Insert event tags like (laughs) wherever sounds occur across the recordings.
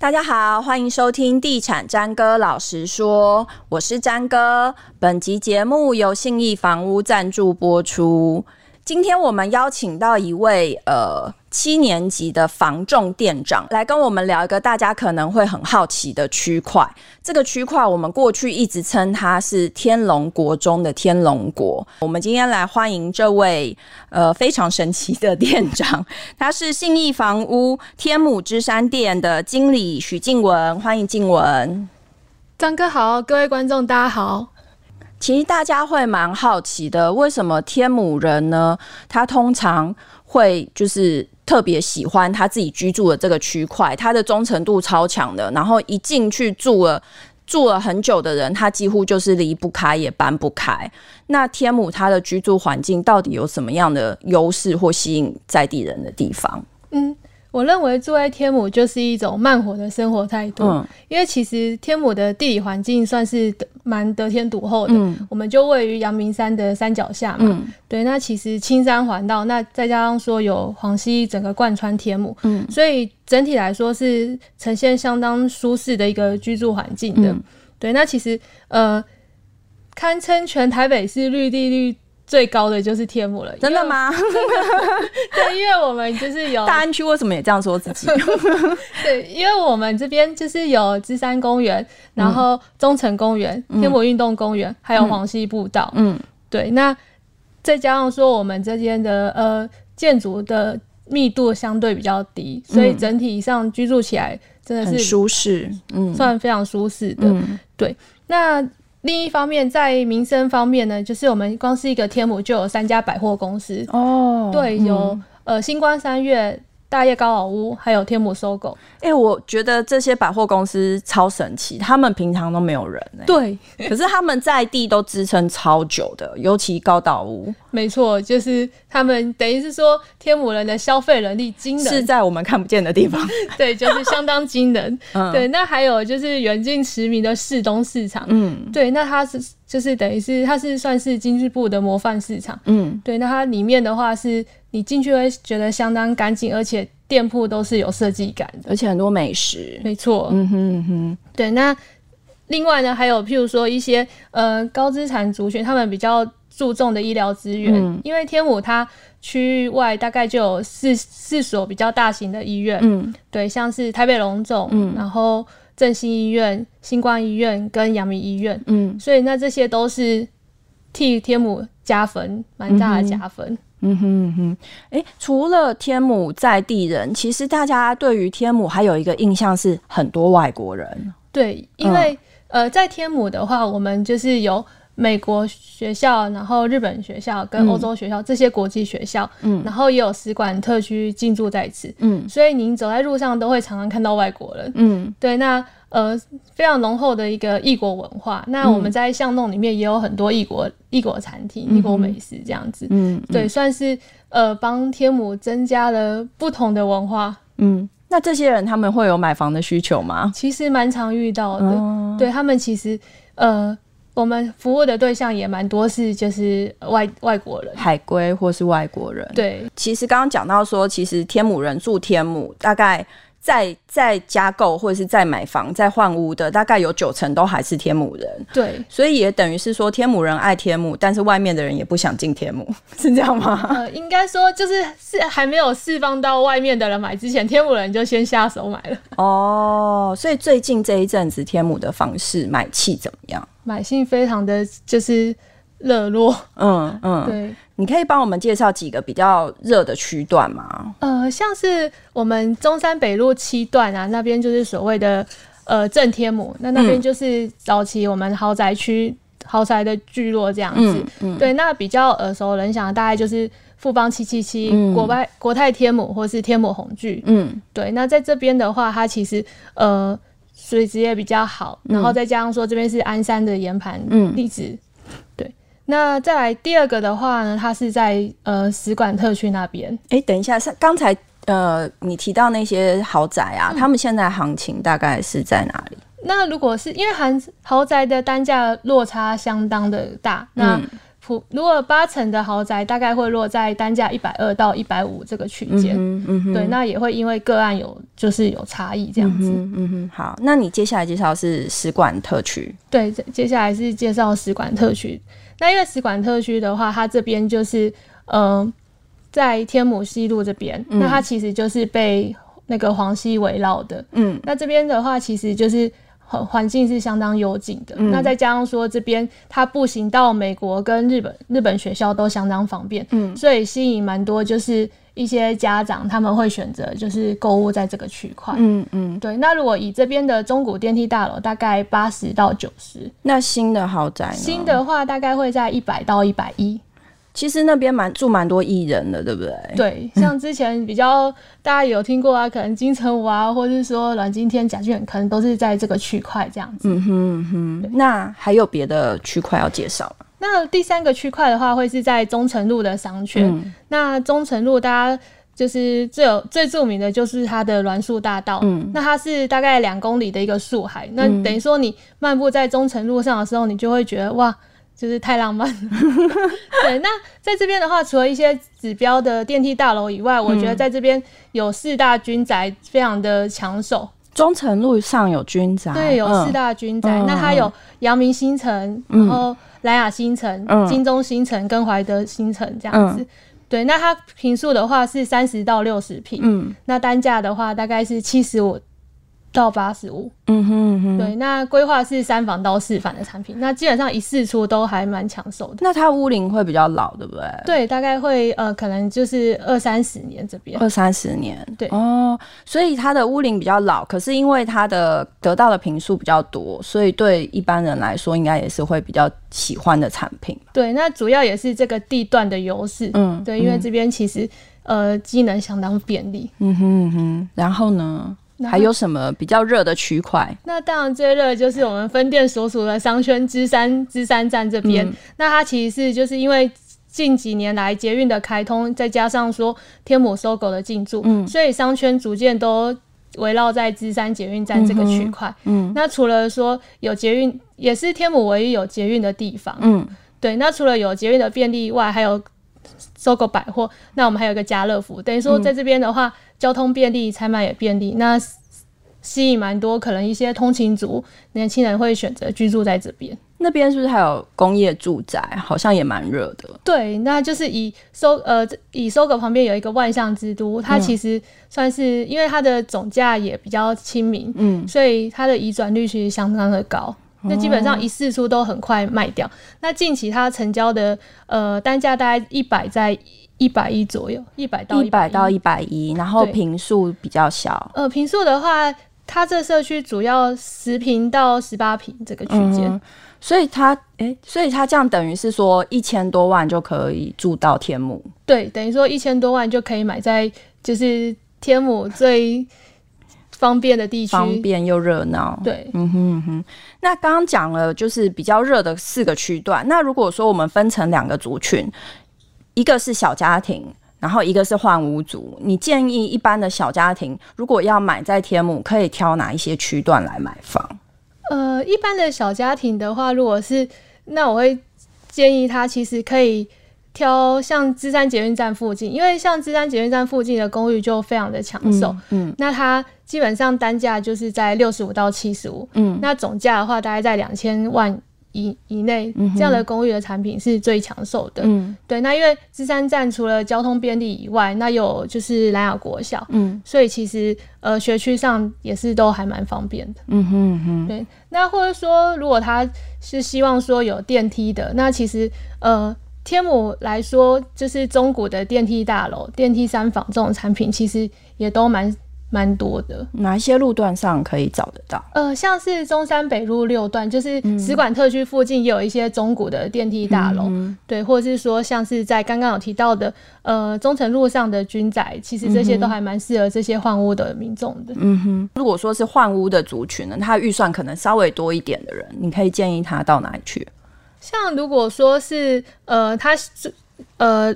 大家好，歡迎收聽《地產詹哥老實說》，我是詹哥。本集節目由信義房屋贊助播出。今天我們邀請到一位呃七年級的房仲店長來跟我們聊一個大家可能會很好奇的區塊。這個區塊我們過去一直稱它是天龍國中的天龍國。我們今天來歡迎這位呃非常神奇的店長，他是信義房屋天母芝山店的經理許靜文，歡迎靜文。詹哥好，各位觀眾大家好。其實大家會蠻好奇的，為什麼天母人呢？他通常會就是特別喜歡他自己居住的這個區塊，他的忠誠度超強的。然後一進去住了住了很久的人，他幾乎就是離不開也搬不開。那天母他的居住環境到底有什麼樣的優勢或吸引在地人的地方？嗯。我認為住在天母就是一種慢活的生活態度，哦、因為其實天母的地理環境算是蠻得天獨厚的，嗯、我們就位於陽明山的山腳下嘛，嗯、對，那其實青山環繞，那再加上說有黃溪整個貫穿天母，嗯、所以整體來說是呈現相當舒適的一個居住環境的。嗯、對，那其實呃，堪稱全台北市綠地率。最高的就是天母了，真的嗎？ (laughs) 對，因為我們就是有大安區，為什麼也這樣說自己？ (laughs) 對，因為我們這邊就是有芝山公園，然後忠誠公園、天、嗯、母運動公園、嗯，還有磺溪步道嗯。嗯，對。那再加上說，我們這邊的呃建築的密度相對比較低，所以整體上居住起來真的是、嗯、很舒適，嗯，算非常舒適的、嗯嗯。對，那。另一方面，在民生方面呢，就是我們光是一個天母就有三家百貨公司哦，對，有、嗯、呃，新光三越。大葉高島屋還有天母 SOGO，哎、欸，我覺得這些百貨公司超神奇，他們平常都沒有人、欸，對，可是他們在地都支撐超久的，尤其高島屋，沒錯，就是他們等於是說天母人的消費能力驚人，是在我們看不見的地方， (laughs) 對，就是相當驚人、 (laughs) 嗯，對，那還有就是遠近馳名的士東市場，嗯，對，那它是就是等於是它是算是經濟部的模範市場，嗯，對，那它裡面的話是。你進去會覺得相當乾淨，而且店鋪都是有設計感的，而且很多美食。沒錯，嗯哼嗯哼，對。那另外呢，還有譬如說一些呃高資產族群，他們比較注重的醫療資源，嗯，因為天母它區域外大概就有四四所比較大型的醫院，嗯，對，像是台北榮總，嗯，然後振興醫院、新光醫院跟陽明醫院，嗯，所以那這些都是替天母加分，蠻大的加分。嗯嗯哼嗯哼，誒，除了天母在地人，其實大家對於天母還有一個印象是很多外國人。對，因為、嗯、呃，在天母的話，我們就是有。美國學校，然後日本學校跟歐洲學校、嗯、這些國際學校、嗯，然後也有使館特區進駐在此、嗯，所以您走在路上都會常常看到外國人，嗯，對，那呃非常濃厚的一個異國文化、嗯。那我們在巷弄裡面也有很多異國異國產品、異、嗯、國美食這樣子，嗯，對，算是呃幫天母增加了不同的文化，嗯。那這些人他們會有買房的需求嗎？其實蠻常遇到的，嗯、對他們其實呃。我們服務的對象也蠻多，是就是外外國人、海歸或是外國人。對，其實剛剛講到說，其實天母人住天母，大概。在在加購或者是在買房、在換屋的，大概有九成都還是天母人。對，所以也等於是說，天母人愛天母，但是外面的人也不想進天母，是這樣嗎？呃，應該說就是是還沒有釋放到外面的人買之前，天母人就先下手買了。哦，所以最近這一陣子天母的房市買氣怎麼樣？買性非常的就是。熱絡，嗯嗯，對，你可以幫我們介紹幾個比較熱的區段嗎？呃，像是我們中山北路七段啊，那邊就是所謂的呃正天母，那那邊就是早期我們豪宅區、嗯、豪宅的聚落這樣子。嗯嗯、對，那比較耳熟能詳，的大概就是富邦七七七、嗯、國外國泰天母，或是天母鴻禧嗯，對，那在這邊的話，它其實呃水質也比較好，然後再加上說、嗯、這邊是安山的岩盤地質。嗯那再來第二個的話呢，它是在呃，使館特區那邊。哎、欸，等一下，剛才呃，你提到那些豪宅啊、嗯，他們現在行情大概是在哪裡？那如果是因為豪豪宅的單價落差相當的大，那。嗯如果八成的豪宅大概會落在單價一百二到一百五這個區間。嗯嗯，對，那也會因為個案有就是有差異這樣子。嗯嗯，好，那你接下來介紹是使館特區。對，接下來是介紹使館特區。嗯。那因為使館特區的話，它這邊就是嗯、呃，在天母西路這邊。嗯，那它其實就是被那個磺溪圍繞的。嗯，那這邊的話其實就是。環境是相當幽靜的，嗯，那再加上說這邊它步行到美國跟日本日本學校都相當方便，嗯，所以吸引蠻多就是一些家長他們會選擇就是購物在這個區塊。嗯嗯，對。那如果以這邊的中古電梯大樓，大概八十到九十，那新的豪宅呢？新的話大概會在一百到一百一。其實那邊蠻住蠻多藝人的，對不對？對，像之前比較大家有聽過啊、嗯，可能金城武啊，或者是說阮經天、賈靜雯可能都是在這個區塊這樣子。嗯哼嗯哼。那還有別的區塊要介紹嗎？那第三個區塊的話，會是在忠誠路的商圈。嗯、那忠誠路大家就是最有最著名的就是它的欒樹大道。嗯。那它是大概兩公里的一個樹海、嗯，那等於說你漫步在忠誠路上的時候，你就會覺得哇。就是太浪漫了 (laughs) (laughs) 對。那在這邊的話，除了一些指標的電梯大樓以外、嗯，我覺得在這邊有四大軍宅非常的搶手。忠誠路上有軍宅？對，有四大軍宅。嗯、那它有陽明新城、嗯,然後萊雅新城、嗯、金中新城跟懷德新城這樣子。嗯、對，那它坪數的話是三十到六十坪，嗯，那單價的話大概是七十五，到八十五，嗯哼，嗯哼，對，那規劃是三房到四房的產品，那基本上一釋出，都還蠻搶手的。那它屋齡會比較老，對不對？對，大概會呃，可能就是二三十年這邊。二三十年，對哦，所以它的屋齡比較老，可是因為它的得到的坪數比較多，所以對一般人來說，應該也是會比較喜歡的產品。對，那主要也是這個地段的優勢，嗯，對，因為這邊其實呃機能相當便利，嗯哼，嗯哼，然後呢？還有什麼比較熱的區塊？那當然最熱就是我們分店所屬的商圈芝山，芝山站這邊，嗯。那它其實是就是因為近幾年來捷運的開通，再加上說天母 SOGO 的進駐，嗯，所以商圈逐漸都圍繞在芝山捷運站這個區塊，嗯。嗯，那除了說有捷運，也是天母唯一有捷運的地方。嗯，對。那除了有捷運的便利以外，還有。SOGO 百貨，那我們還有一個家樂福，等於說在這邊的話、嗯，交通便利，採買也便利，那吸引蠻多可能一些通勤族年輕人會選擇居住在這邊。那邊是不是還有工業住宅？好像也蠻熱的。對，那就是以收呃以 SOGO 旁邊有一個萬象之都，它其實算是因為它的總價也比較親民，嗯，所以它的移轉率其實相當的高。那基本上一釋出都很快賣掉。嗯、那近期它成交的呃單價大概一百，在一百一左右，一百到一百到一百一，然後平數比較小。呃，平數的話，它這社區主要十平到十八平這個區間、嗯，所以它誒、欸，所以它這樣等於是說一千多萬就可以住到天母，對，等於說一千多萬就可以買在就是天母最方便的地區，方便又熱鬧。對，嗯哼嗯哼。那剛剛講了，就是比較熱的四個區段。那如果說我們分成兩個族群，一個是小家庭，然後一個是換屋族。你建議一般的小家庭，如果要買在天母，可以挑哪一些區段來買房？呃，一般的小家庭的話，如果是，那我會建議他其實可以。挑像芝山捷運站附近，因為像芝山捷運站附近的公寓就非常的搶手。嗯。嗯，那它基本上單價就是在六十五到七十五。嗯，那總價的話大概在兩千萬以以內。嗯，這樣的公寓的產品是最搶手的。嗯，對。那因為芝山站除了交通便利以外，那有就是蘭雅國小。嗯，所以其實呃學區上也是都還蠻方便的。嗯哼嗯哼。對。那或者說，如果他是希望說有電梯的，那其實呃。天母來說，就是中古的電梯大樓、電梯三房這種產品，其實也都蠻蠻多的。哪一些路段上可以找得到？呃，像是中山北路六段，就是使館特區附近，也有一些中古的電梯大樓，嗯。對，或者是說，像是在剛剛有提到的，呃，忠誠路上的軍宅，其實這些都還蠻適合這些換屋的民眾的。嗯哼，如果說是換屋的族群呢，他預算可能稍微多一點的人，你可以建議他到哪裡去？像如果說是呃，他是呃。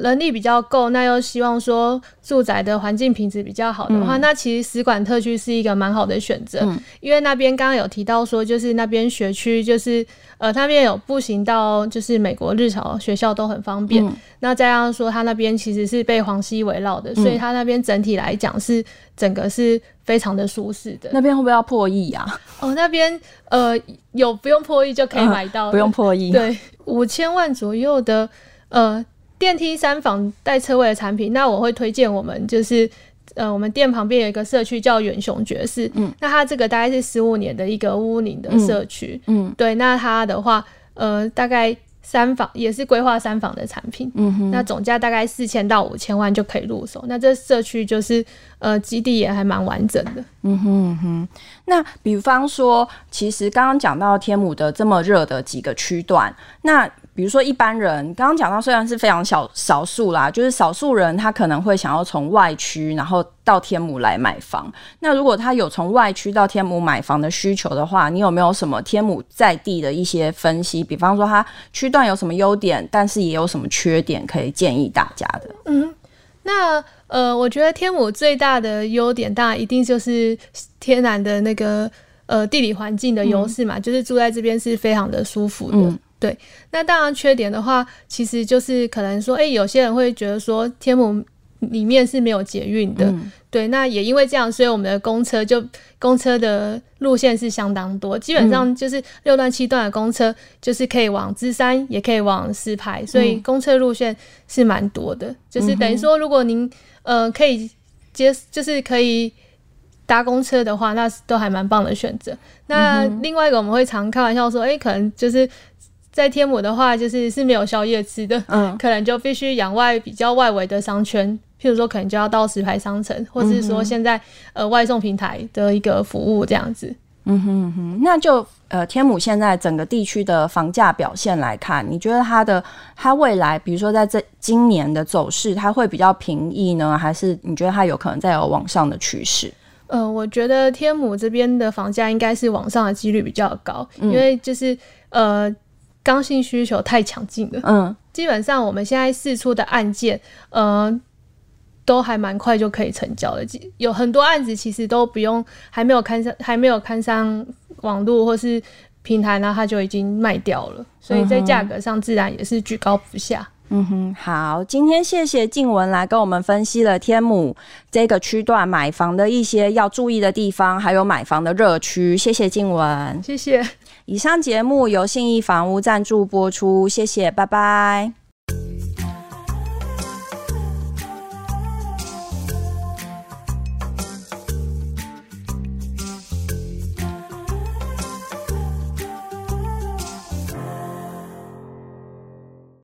能力比較夠，那又希望說住宅的環境品質比較好的話，嗯、那其實使館特區是一個蠻好的選擇、嗯，因為那邊剛剛有提到說，就是那邊學區就是呃，那邊有步行到就是美國日僑學校都很方便。嗯、那再加上說他那邊其實是被磺溪圍繞的、嗯，所以他那邊整體來講是整個是非常的舒適的。那邊會不會要破億啊？哦，那邊呃有不用破億就可以買到、呃，不用破億，對，五千萬左右的呃。電梯三房帶車位的產品，那我會推薦我們就是，呃，我們店旁邊有一個社區叫遠雄爵士，嗯，那它這個大概是十五年的一個屋齡的社區，嗯，嗯，對，那它的話，呃，大概三房也是規劃三房的產品，嗯哼，那總價大概四千到五千萬就可以入手，那這社區就是，呃，基地也還蠻完整的，嗯哼嗯哼。那比方說，其實剛剛講到天母的這麼熱的幾個區段，那比如說，一般人剛剛講到，雖然是非常小少數啦，就是少數人他可能會想要從外區然後到天母來買房。那如果他有從外區到天母買房的需求的話，你有沒有什麼天母在地的一些分析？比方說，它區段有什麼優點，但是也有什麼缺點可以建議大家的？嗯，那呃，我覺得天母最大的優點，當然一定就是天然的那個呃地理環境的優勢嘛、嗯，就是住在這邊是非常的舒服的。嗯對，那當然缺點的話，其實就是可能說，哎、欸，有些人會覺得說，天母裡面是沒有捷運的、嗯。對，那也因為這樣，所以我們的公車就公車的路線是相當多，基本上就是六段七段的公車，就是可以往芝山，也可以往石牌，所以公車路線是蠻多的、嗯。就是等於說，如果您呃可以接，就是可以搭公車的話，那都還蠻棒的選擇。那另外一個我們會常開玩笑說，哎、欸，可能就是。在天母的話，就是是沒有宵夜吃的，嗯、可能就必須養外比較外圍的商圈，譬如說可能就要到石牌商城，嗯、或是說現在呃外送平台的一個服務這樣子。嗯哼嗯哼，那就呃天母現在整個地區的房價表現來看，你覺得它的它未來，比如說在這今年的走勢，它會比較平易呢，還是你覺得它有可能再有往上的趨勢？嗯、呃，我覺得天母這邊的房價應該是往上的幾率比較高，嗯、因為就是呃。剛性需求太強勁了，嗯，基本上我們現在釋出的案件，呃，都還蠻快就可以成交了。有很多案子其實都不用，還沒有刊上，還沒有刊上網絡或是平台呢，然後它就已經賣掉了，所以在價格上自然也是居高不下。嗯嗯哼，好，今天謝謝靜文來跟我們分析了天母這個區段買房的一些要注意的地方，還有買房的熱區。謝謝靜文，謝謝。以上節目由信義房屋贊助播出，謝謝，拜拜。